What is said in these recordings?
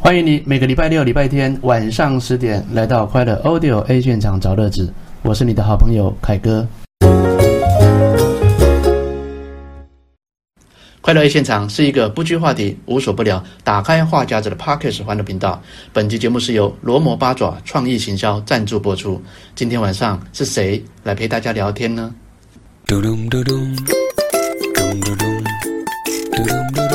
歡迎你，每個禮拜六、禮拜天晚上十點來到快樂 Audio A 現場找樂子，我是你的好朋友凱哥。快樂 A 現場是一個不拘話題、無所不聊、打開話匣子的 Podcast 歡樂頻道。本期節目是由羅摩八爪創意行銷贊助播出。今天晚上是誰來陪大家聊天呢？嘟嘟嘟嘟。噔噔噔噔噔噔噔噔。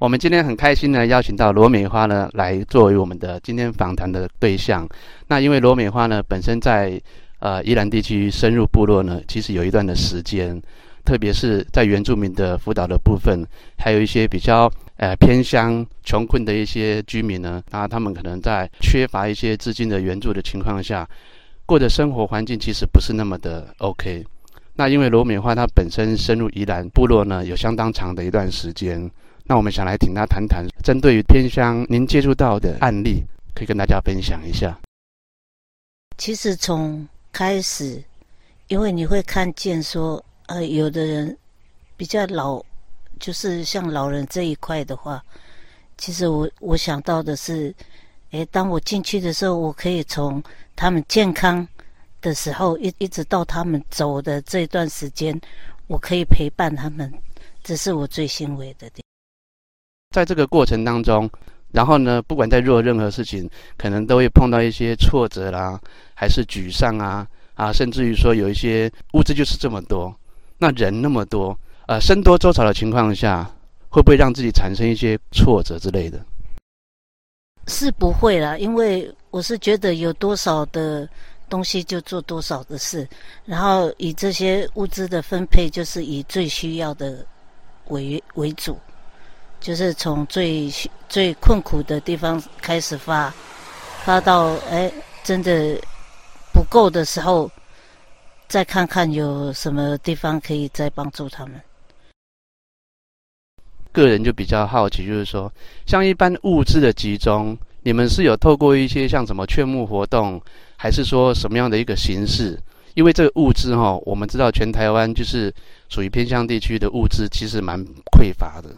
我們今天很開心呢，邀請到羅美花呢來作為我們的今天訪談的對象。那因為羅美花呢本身在呃宜蘭地區深入部落呢，其實有一段的時間，特別是在原住民的輔導的部分，還有一些比較呃偏鄉窮困的一些居民呢，那他們可能在缺乏一些資金的援助的情況下，過的生活環境其實不是那麼的 OK。那因為羅美花她本身深入宜蘭部落呢，有相當長的一段時間。那我們想來聽他談談，針對於偏鄉您接觸到的案例，可以跟大家分享一下。其實從開始，因為你會看見說，呃，有的人比較老，就是像老人這一塊的話，其實我我想到的是，哎，當我進去的時候，我可以從他們健康的時候，一一直到他們走的這段時間，我可以陪伴他們，這是我最欣慰的點。在這個過程當中，然後呢，不管在做任何事情，可能都會碰到一些挫折啦、啊，還是沮喪啊啊，甚至於說有一些物資就是這麼多，那人那麼多，呃，僧多粥少的情況下，會不會讓自己產生一些挫折之類的？是不會啦，因為我是覺得有多少的東西就做多少的事，然後以這些物資的分配就是以最需要的為為主。就是從最最困苦的地方開始發，發到哎，真的不夠的時候，再看看有什麼地方可以再幫助他們。個人就比較好奇，就是說，像一般物資的集中，你們是有透過一些像什麼勸募活動，還是說什麼樣的一個形式？因為這個物資哈、哦，我們知道全台灣就是屬於偏鄉地區的物資，其實蠻匱乏的。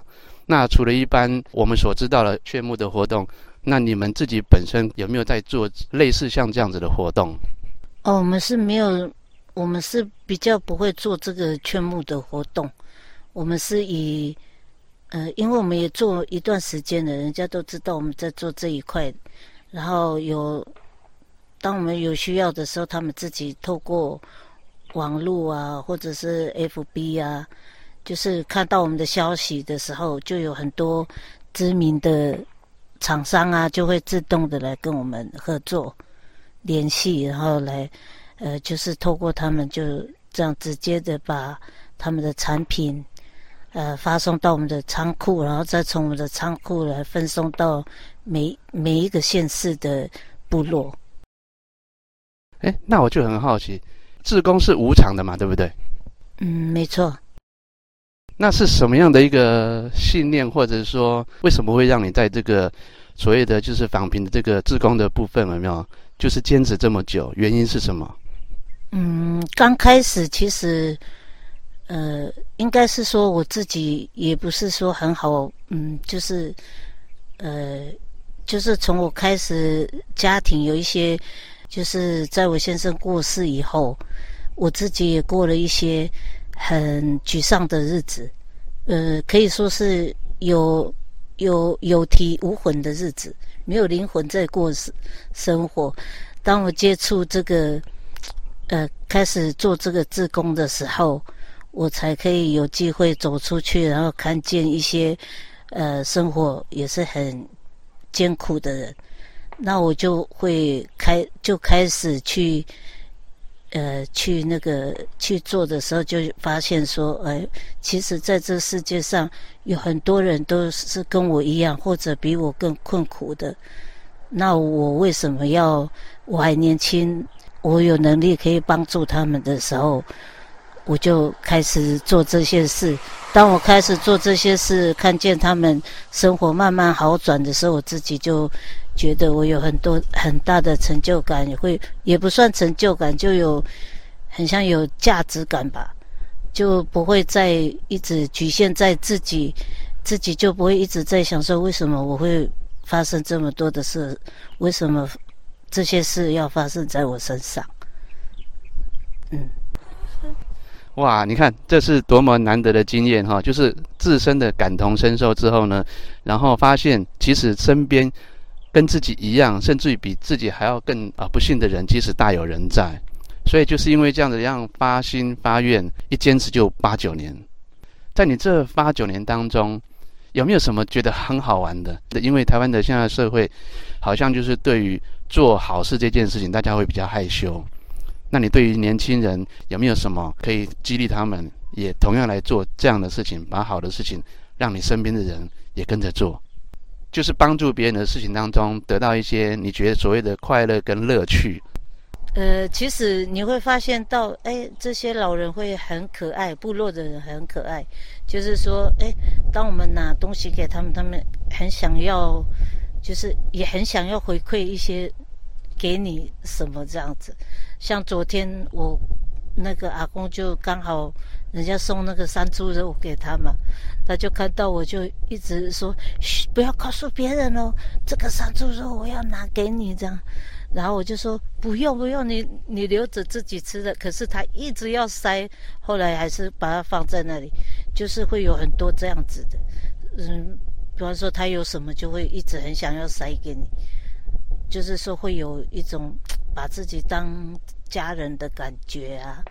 那除了一般我們所知道的勸募的活動，那你們自己本身有沒有在做類似像這樣子的活動？哦，我們是沒有，我們是比較不會做這個勸募的活動。我們是以，呃，因為我們也做一段時間了，人家都知道我們在做這一塊。然後有，當我們有需要的時候，他們自己透過網絡啊，或者是 FB 啊。就是看到我們的消息的時候，就有很多知名的廠商啊，就會自動的來跟我們合作聯繫，然後來呃，就是透過他們就這樣直接的把他們的產品呃發送到我們的倉庫，然後再從我們的倉庫來分送到每每一個縣市的部落。哎、欸，那我就很好奇，志工是無償的嘛，對不對？嗯，沒錯。那是什麼樣的一個信念，或者說為什麼會讓你在這個所謂的就是仿品的這個志工的部分，有沒有就是堅持這麼久？原因是什麼？嗯，剛開始其實，呃，應該是說我自己也不是說很好，嗯，就是呃，就是從我開始家庭有一些，就是在我先生過世以後，我自己也過了一些。很沮喪的日子，呃，可以說是有有有體無魂的日子，沒有靈魂在過生活。當我接觸這個，呃，開始做這個志工的時候，我才可以有機會走出去，然後看見一些，呃，生活也是很艱苦的人，那我就會開就開始去。呃，去那個去做的時候，就發現說，哎、呃，其實在這世界上有很多人都是跟我一樣，或者比我更困苦的。那我為什麼要？我還年輕，我有能力可以幫助他們的時候，我就開始做這些事。當我開始做這些事，看見他們生活慢慢好轉的時候，我自己就。覺得我有很多很大的成就感，也會也不算成就感，就有很像有價值感吧，就不會再一直局限在自己，自己就不會一直在想說為什麼我會發生這麼多的事，為什麼這些事要發生在我身上？嗯，哇，你看這是多麼難得的經驗哈，就是自身的感同身受之後呢，然後發現其實身邊。跟自己一樣，甚至於比自己還要更啊不幸的人，其實大有人在。所以就是因為這樣子，讓發心發願一堅持就八九年。在你這八九年當中，有沒有什麼覺得很好玩的？因為台灣的現在社會，好像就是對於做好事這件事情，大家會比較害羞。那你對於年輕人有沒有什麼可以激勵他們，也同樣來做這樣的事情，把好的事情，讓你身邊的人也跟着做？就是幫助別人的事情當中，得到一些你覺得所謂的快樂跟樂趣。呃，其實你會發現到，欸，這些老人會很可愛，部落的人很可愛。就是說，欸，當我們拿東西給他們，他們很想要，就是也很想要回饋一些給你什麼這樣子。像昨天我那個阿公就剛好。人家送那個山豬肉給他嘛，他就看到我就一直說：“噓，不要告訴別人哦，這個山豬肉我要拿給你這樣。”然後我就說：“不用不用，你你留着自己吃的。”可是他一直要塞，後來還是把它放在那裡。就是會有很多這樣子的，嗯，比方說他有什麼就會一直很想要塞給你，就是說會有一種把自己當家人的感覺啊。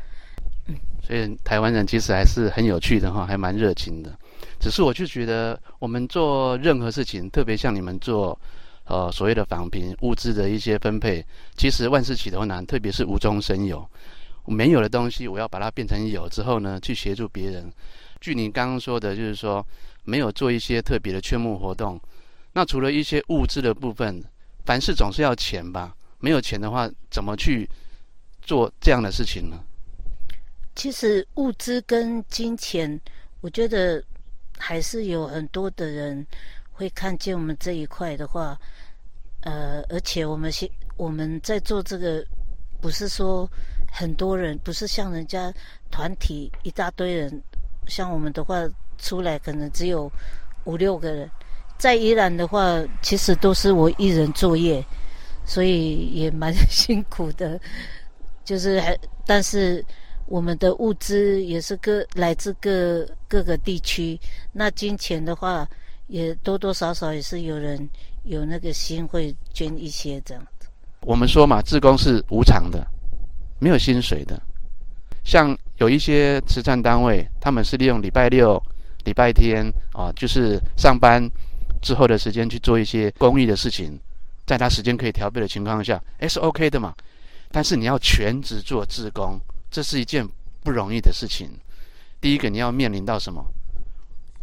嗯，所以台灣人其實還是很有趣的哈，還蠻熱情的。只是我就覺得，我們做任何事情，特別像你們做，呃，所謂的訪貧物資的一些分配，其實萬事起頭難，特別是無中生有，沒有的東西，我要把它變成有之後呢，去協助別人。據你剛剛說的，就是說沒有做一些特別的勸募活動，那除了一些物資的部分，凡事總是要錢吧？沒有錢的話，怎麼去做這樣的事情呢？其實物資跟金錢，我覺得還是有很多的人會看見我們這一塊的話，呃，而且我們現我們在做這個，不是說很多人，不是像人家團體一大堆人，像我們的話，出來可能只有五六個人，在宜蘭的話，其實都是我一人作業，所以也蠻辛苦的，就是，還，但是。我們的物資也是各來自各各個地區，那金錢的話，也多多少少也是有人有那個心會捐一些這樣子。我們說嘛，志工是無償的，沒有薪水的。像有一些慈善單位，他們是利用禮拜六、禮拜天啊，就是上班之後的時間去做一些公益的事情，在他時間可以調配的情況下，哎是 OK 的嘛。但是你要全職做志工，這是一件不容易的事情。第一個，你要面臨到什麼？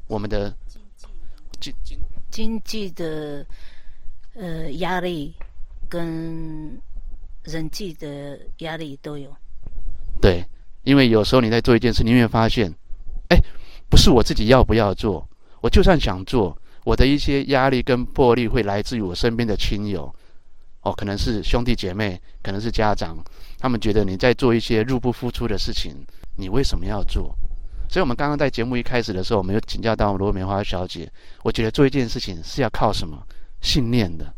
我們的經濟的、經經濟的呃壓力跟人際的壓力都有。對，因為有時候你在做一件事，你會發現，哎，不是我自己要不要做？我就算想做，我的一些壓力跟魄力會來自於我身邊的親友。哦，可能是兄弟姐妹，可能是家長。他們覺得你在做一些入不敷出的事情，你為什麼要做？所以，我們剛剛在節目一開始的時候，我們又請教到羅美花小姐。我覺得做一件事情是要靠什麼信念的？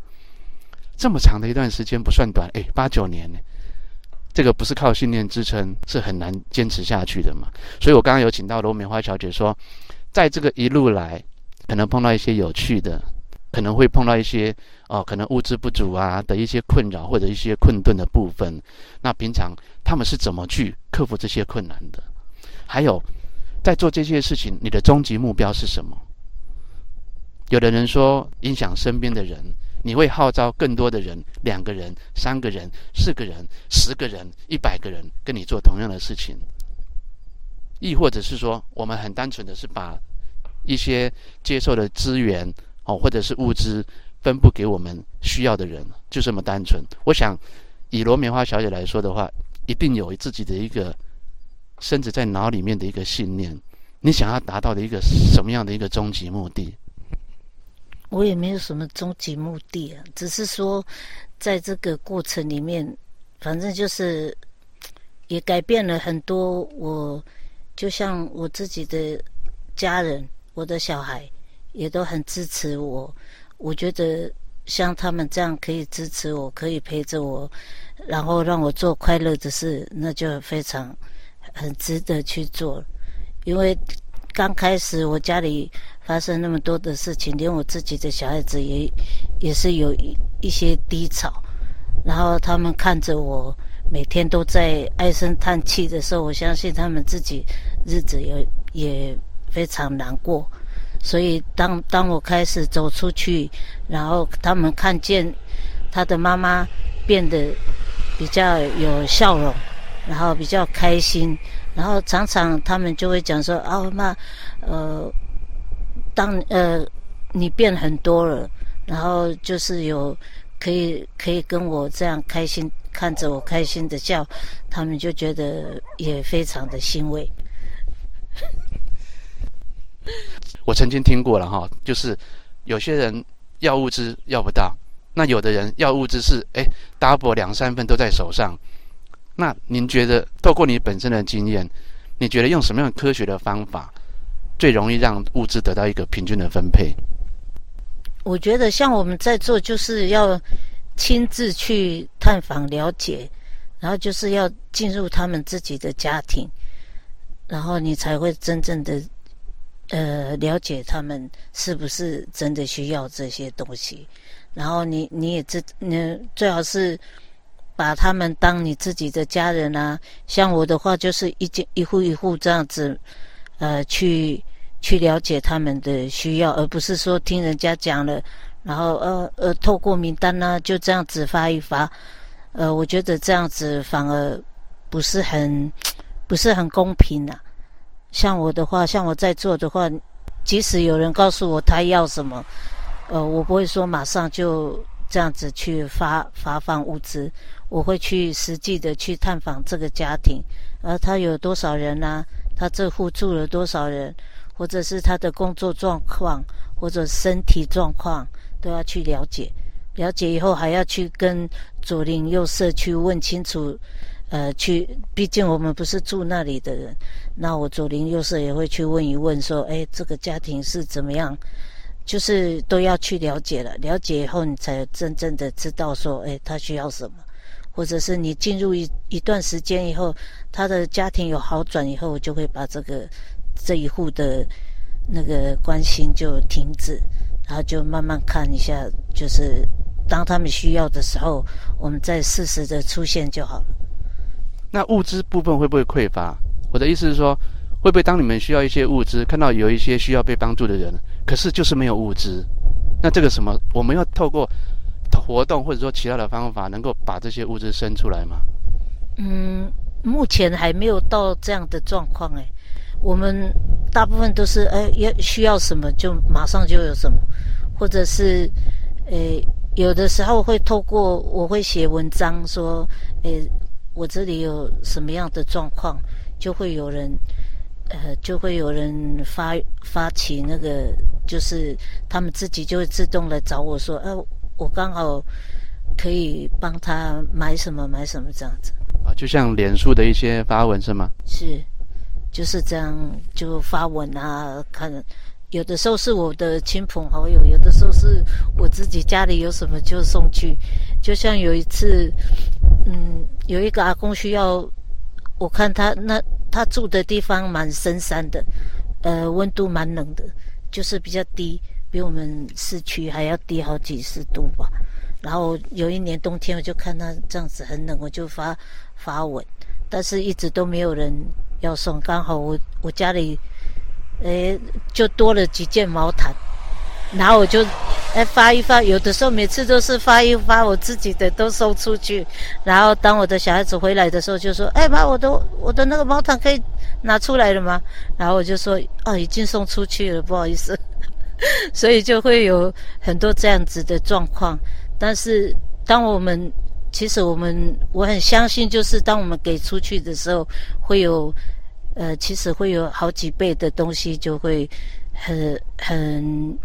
這麼長的一段時間不算短，哎、欸，八九年呢、欸，這個不是靠信念支撐是很難堅持下去的嘛。所以我剛剛有請到羅美花小姐說，在這個一路來，可能碰到一些有趣的。可能會碰到一些哦，可能物資不足啊的一些困擾或者一些困頓的部分。那平常他們是怎麼去克服這些困難的？還有，在做這些事情，你的終極目標是什麼？有的人說，影響身邊的人，你會號召更多的人，兩個人、三個人、四個人、十個人、一百個人跟你做同樣的事情。亦或者是說，我們很單純的是把一些接受的資源。哦，或者是物資分布給我們需要的人，就這麼單純。我想，以羅美花小姐來說的話，一定有自己的一個甚至在腦裡面的一個信念，你想要達到的一個什麼樣的一個終極目的？我也沒有什麼終極目的啊，只是說，在這個過程裡面，反正就是也改變了很多我，就像我自己的家人，我的小孩。也都很支持我，我覺得像他們這樣可以支持我，可以陪着我，然後讓我做快樂的事，那就非常很值得去做。因為剛開始我家裡發生那麼多的事情，連我自己的小孩子也也是有一一些低潮，然後他們看着我每天都在唉聲嘆氣的時候，我相信他們自己日子也也非常難過。所以當，當當我開始走出去，然後他們看見他的媽媽變得比較有笑容，然後比較開心，然後常常他們就會講說：“啊媽，呃，當呃，你變很多了，然後就是有可以可以跟我這樣開心看着我開心的笑，他們就覺得也非常的欣慰。” 我曾經聽過了哈，就是有些人要物資要不到，那有的人要物資是哎 double 兩三份都在手上。那您覺得透過你本身的經驗，你覺得用什麼樣的科學的方法最容易讓物資得到一個平均的分配？我覺得像我們在做，就是要親自去探訪了解，然後就是要進入他們自己的家庭，然後你才會真正的。呃，了解他們是不是真的需要這些東西，然後你你也知，你最好是把他們當你自己的家人啊。像我的話，就是一間一戶一戶這樣子，呃，去去了解他們的需要，而不是說聽人家講了，然後呃呃，透過名單呢、啊、就這樣子發一發，呃，我覺得這樣子反而不是很不是很公平呢、啊。像我的話，像我在做的話，即使有人告訴我他要什麼，呃，我不會說馬上就這樣子去發發放物資，我會去實際的去探訪這個家庭，而他有多少人呢？他這戶住了多少人，或者是他的工作狀況或者身體狀況都要去了解，了解以後還要去跟左鄰右舍去問清楚。呃，去，畢竟我們不是住那裡的人，那我左鄰右舍也會去問一問，說，哎，這個家庭是怎麼樣，就是都要去了解了。了解以後，你才真正的知道說，哎，他需要什麼，或者是你進入一一段時間以後，他的家庭有好轉以後，我就會把這個這一戶的那個關心就停止，然後就慢慢看一下，就是當他們需要的時候，我們再適時的出現就好了。那物資部分會不會匱乏？我的意思是說，會不會當你們需要一些物資，看到有一些需要被幫助的人，可是就是沒有物資？那這個什麼，我們要透過活動或者說其他的方法，能夠把這些物資生出來嗎？嗯，目前還沒有到這樣的狀況哎。我們大部分都是哎要、欸、需要什麼就馬上就有什麼，或者是呃、欸、有的時候會透過我會寫文章說誒。欸我這裡有什麼樣的狀況，就會有人，呃，就會有人發發起那個，就是他們自己就會自動來找我說，哎、啊，我剛好可以幫他買什麼買什麼這樣子。啊，就像臉書的一些發文是嗎？是，就是這樣，就發文啊。可能有的時候是我的親朋好友，有的時候是我自己家裡有什麼就送去。就像有一次，嗯，有一個阿公需要，我看他那他住的地方蠻深山的，呃，溫度蠻冷的，就是比較低，比我們市區還要低好幾十度吧。然後有一年冬天，我就看他這樣子很冷，我就發發文，但是一直都沒有人要送。剛好我我家裡，誒，就多了幾件毛毯。然後我就，哎，發一發，有的時候每次都是發一發我自己的都送出去。然後當我的小孩子回來的時候，就說：“哎媽，我的我的那個毛毯可以拿出來了嗎？”然後我就說：“哦，已經送出去了，不好意思。 ”所以就會有很多這樣子的狀況。但是當我們其實我們我很相信，就是當我們給出去的時候，會有呃，其實會有好幾倍的東西就會很很。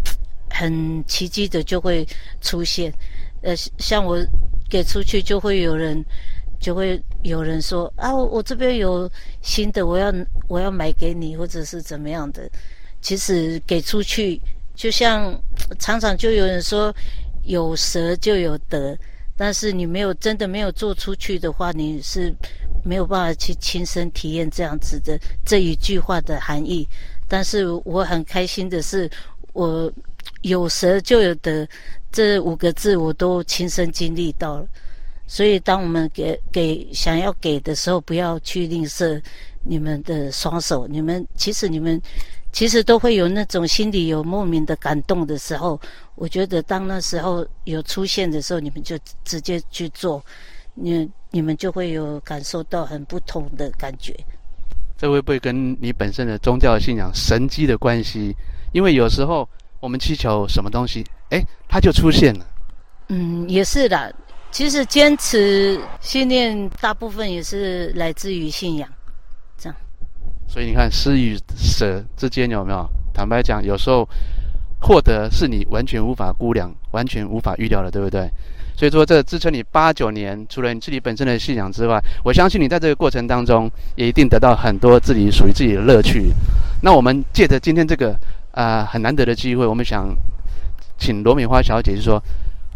很奇蹟的就會出現，呃，像我給出去，就會有人，就會有人說啊，我這邊有新的，我要我要買給你，或者是怎麼樣的。其實給出去，就像常常就有人說有捨就有得，但是你沒有真的沒有做出去的話，你是沒有辦法去親身體驗這樣子的這一句話的含義。但是我很開心的是，我。有捨就有得，這五個字我都親身經歷到了。所以，當我們給給想要給的時候，不要去吝嗇你們的雙手。你們其實你們其實都會有那種心裡有莫名的感動的時候。我覺得，當那時候有出現的時候，你們就直接去做，你你們就會有感受到很不同的感覺。這會不會跟你本身的宗教的信仰、神跡的關係？因為有時候。我們祈求什麼東西？哎，它就出現了。嗯，也是的。其實堅持信念大部分也是來自於信仰。這樣，所以你看，施與捨之間有沒有？坦白講，有時候獲得是你完全無法估量、完全無法預料的，對不對？所以說，這支撐你八九年，除了你自己本身的信仰之外，我相信你在這個過程當中也一定得到很多自己屬於自己的樂趣。那我們借着今天這個。啊、呃，很難得的機會，我們想請羅美花小姐，就說，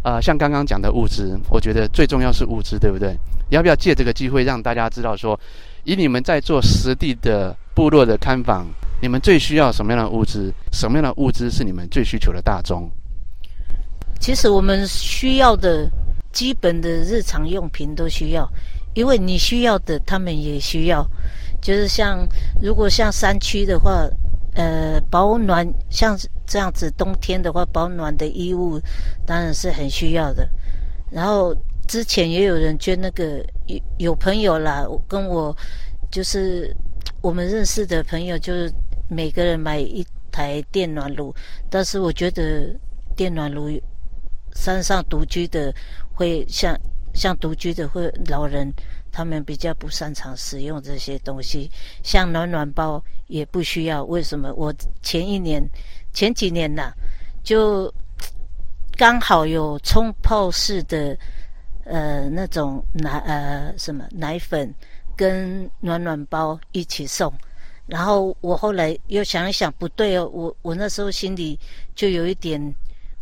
啊、呃，像剛剛講的物資，我覺得最重要是物資，對不對？要不要借這個機會讓大家知道說，以你們在做實地的部落的探訪，你們最需要什麼樣的物資？什麼樣的物資是你們最需求的大宗？其實我們需要的基本的日常用品都需要，因為你需要的，他們也需要，就是像如果像山區的話。呃，保暖像這樣子，冬天的話，保暖的衣物當然是很需要的。然後之前也有人捐那個有，有朋友啦，我跟我就是我們認識的朋友，就是每個人買一台電暖爐。但是我覺得電暖爐山上獨居的會像，像獨居的會老人，他們比較不擅長使用這些東西，像暖暖包也不需要。為什麼？我前一年、前幾年吶、啊，就剛好有沖泡式的，呃，那種奶呃什麼奶粉跟暖暖包一起送，然後我後來又想一想，不對哦，我我那時候心裡就有一點。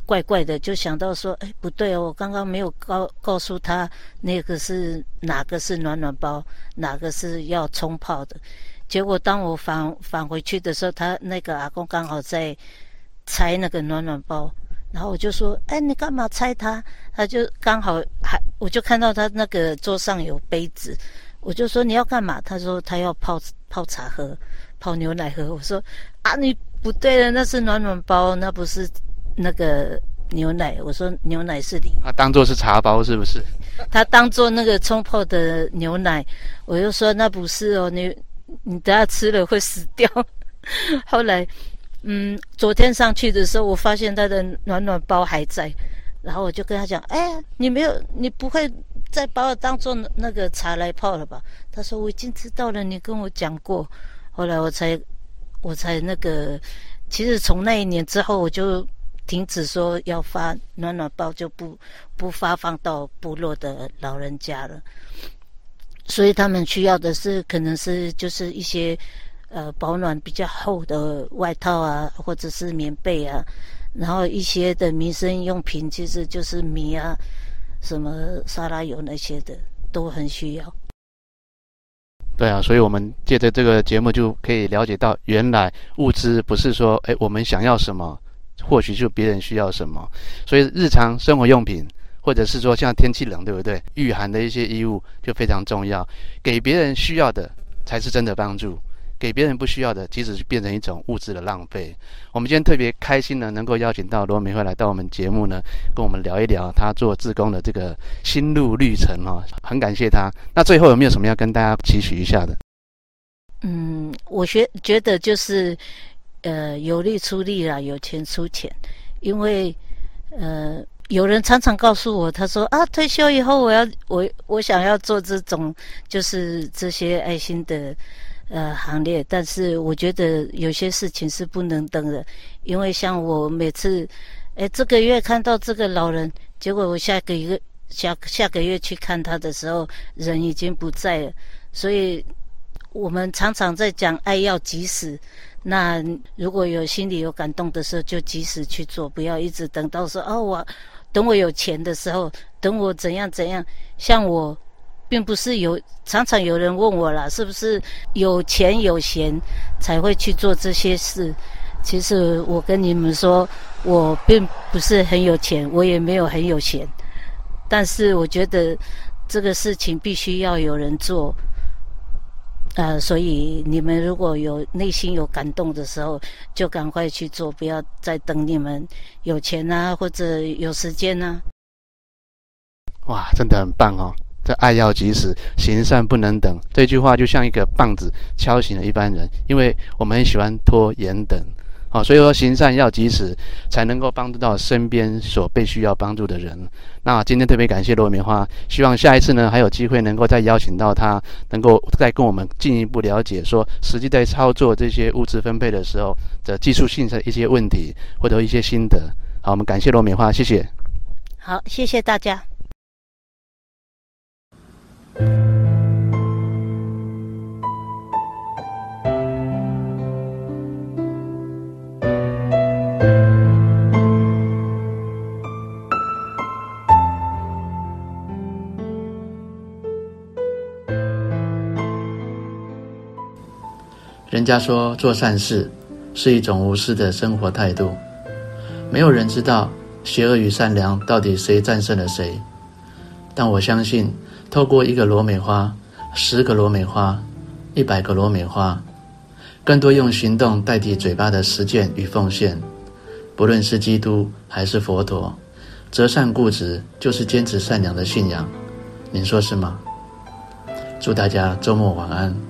怪怪的，就想到說，哎、欸，不對哦，我剛剛沒有告告訴他那個是哪個是暖暖包，哪個是要沖泡的。結果當我返返回去的時候，他那個阿公剛好在拆那個暖暖包，然後我就說，哎、欸，你幹嘛拆它？他就剛好還，我就看到他那個桌上有杯子，我就說你要幹嘛？他說他要泡泡茶喝，泡牛奶喝。我說啊，你不對了，那是暖暖包，那不是。那個牛奶，我說牛奶是零，他當做是茶包是不是？他當做那個沖泡的牛奶，我又說那不是哦，你你等下吃了會死掉。 後來，嗯，昨天上去的時候，我發現他的暖暖包還在，然後我就跟他講：“哎、欸，你沒有，你不會再把我當做那個茶來泡了吧？”他說：“我已經知道了，你跟我講過。”後來我才，我才那個，其實從那一年之後我就。停止說要發暖暖包就不不發放到部落的老人家了，所以他們需要的是可能是就是一些呃保暖比較厚的外套啊，或者是棉被啊，然後一些的民生用品其實就是米啊，什麼沙拉油那些的都很需要。對啊，所以我們借着這個節目就可以了解到，原來物資不是說哎我們想要什麼。或許就別人需要什麼，所以日常生活用品，或者是說像天氣冷，對不對？禦寒的一些衣物就非常重要。給別人需要的才是真的幫助，給別人不需要的，即使變成一種物質的浪費。我們今天特別開心呢，能夠邀請到羅美花來到我們節目呢，跟我們聊一聊她做志工的這個心路歷程哦。很感謝她。那最後有沒有什麼要跟大家期許一下的？嗯，我覺覺得就是。呃，有力出力啦，有錢出錢，因為，呃，有人常常告訴我，他說啊，退休以後我要我我想要做這種，就是這些愛心的，呃，行列。但是我覺得有些事情是不能等的，因為像我每次，哎、欸，這個月看到這個老人，結果我下個月下下個月去看他的時候，人已經不在了，所以。我們常常在講愛要及時，那如果有心裡有感動的時候，就及時去做，不要一直等到說哦我，等我有錢的時候，等我怎樣怎樣。像我，並不是有常常有人問我啦，是不是有錢有閒才會去做這些事？其實我跟你們說，我並不是很有錢，我也沒有很有閒。但是我覺得這個事情必須要有人做。呃，所以你們如果有內心有感動的時候，就趕快去做，不要再等你們有錢啊或者有時間啊。哇，真的很棒哦！這“愛要及時，行善不能等”這句話就像一個棒子，敲醒了一般人，因為我們很喜歡拖延等。好、哦，所以說行善要及時，才能夠幫助到身邊所被需要幫助的人。那今天特別感謝羅美花，希望下一次呢還有機會能夠再邀請到她，能夠再跟我們進一步了解說實際在操作這些物資分配的時候的技術性的一些問題或者一些心得。好，我們感謝羅美花，謝謝。好，謝謝大家。人家說做善事是一種無私的生活態度。沒有人知道邪惡與善良到底誰戰勝了誰，但我相信，透過一個羅美花、十個羅美花、一百個羅美花，更多用行動代替嘴巴的實踐與奉獻。不論是基督還是佛陀，擇善固執就是堅持善良的信仰。您說是嗎？祝大家周末晚安。